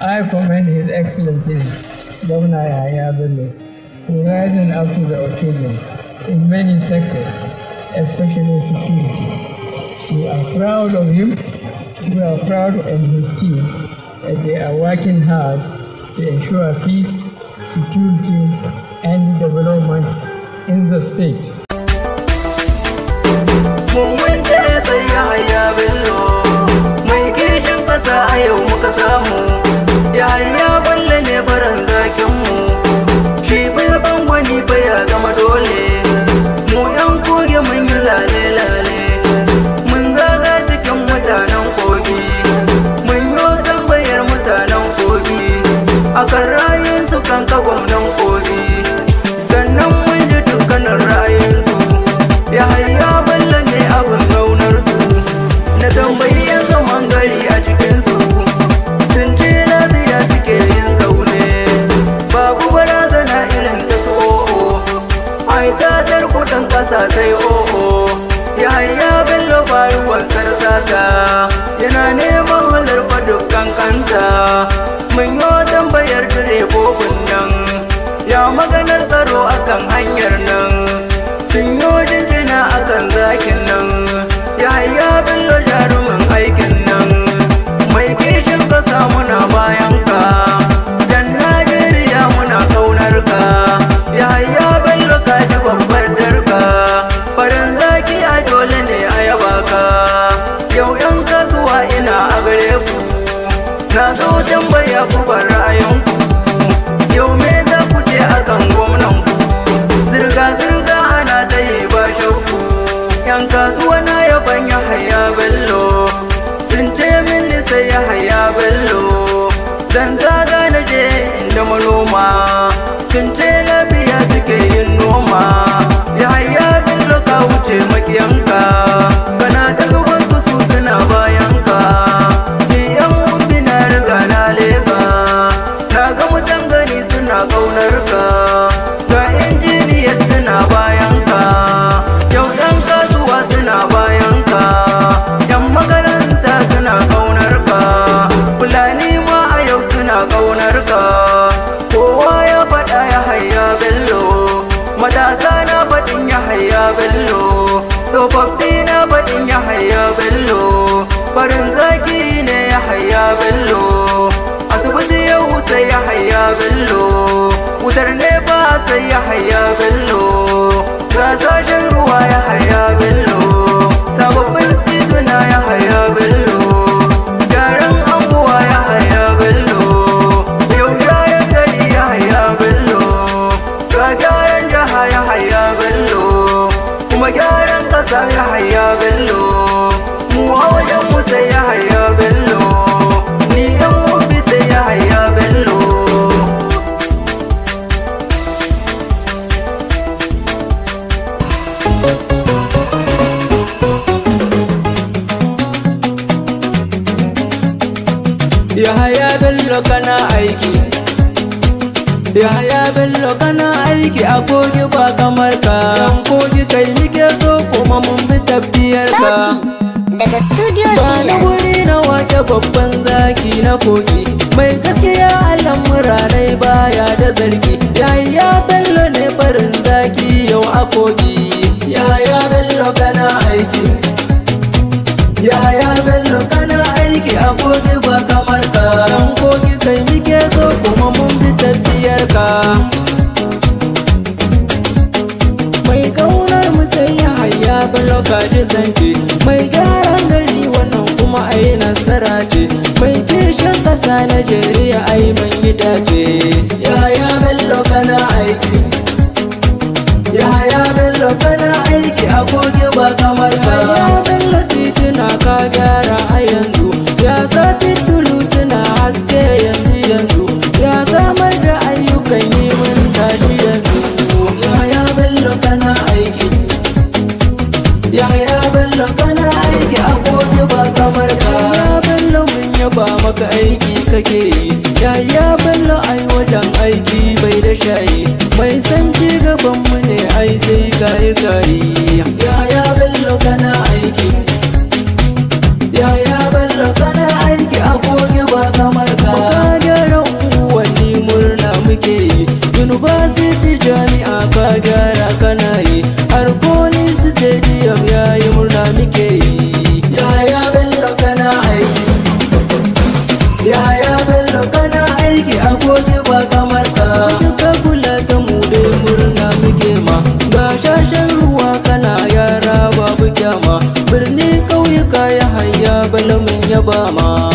I commend His Excellency Governor Yahya for rising up to the occasion in many sectors, especially security. We are proud of him, we are proud of his team, and they are working hard to ensure peace, security, and development in the state. dabbobi sannan mun ji dukkanin ra'ayinsu ya hayya balla ne abin gaunarsu na tambayi zaman gari a cikinsu sun lafiya suke yin zaune babu barazana irin ta su o'o ai satar kudin kasa sai oho ya hayya balla faruwan sarsata yana neman halarfa dukkan kanta mun yi kan hanyar nan sun yi jinjina a kan zakin nan ya haya jarumin aikin nan mai kishin kasa muna bayan ka dan najeriya muna kaunar ka ya haya bello ka ji babbar darka farin zaki a dole ne a yaba ka yau yan kasuwa ina a gare ku na zo tambaya ku ba ra'ayinku yau me za ku je akan gwamnan zirga-zirga ana ta yi ba shakku yan kasuwa na yaban ya haya bello sun ce min lisa ya haya bello zan zaga na je inda manoma sun ce tsofaffi na baɗin ya haya bello farin yahaya bello kana aiki yahaya bello kana aiki a kogi ba kamar ka kogi kai nike so kuma mun bi tafiyar ka daga studio ba na wuri na wake babban zaki na kogi mai gaskiya allan murarai baya da zargi yahaya bello ne farin zaki yau a kogi faɗi zance mai gyaran gari wannan kuma a yi nasara ce mai kishin ƙasa najeriya a yi man gida ce yaya bello kana aiki kake yi yaya bello ai wajen aiki bai da shayi mai san ci gaban mu ne ai sai kai kayi yaya bello kana aiki yaya bello Obama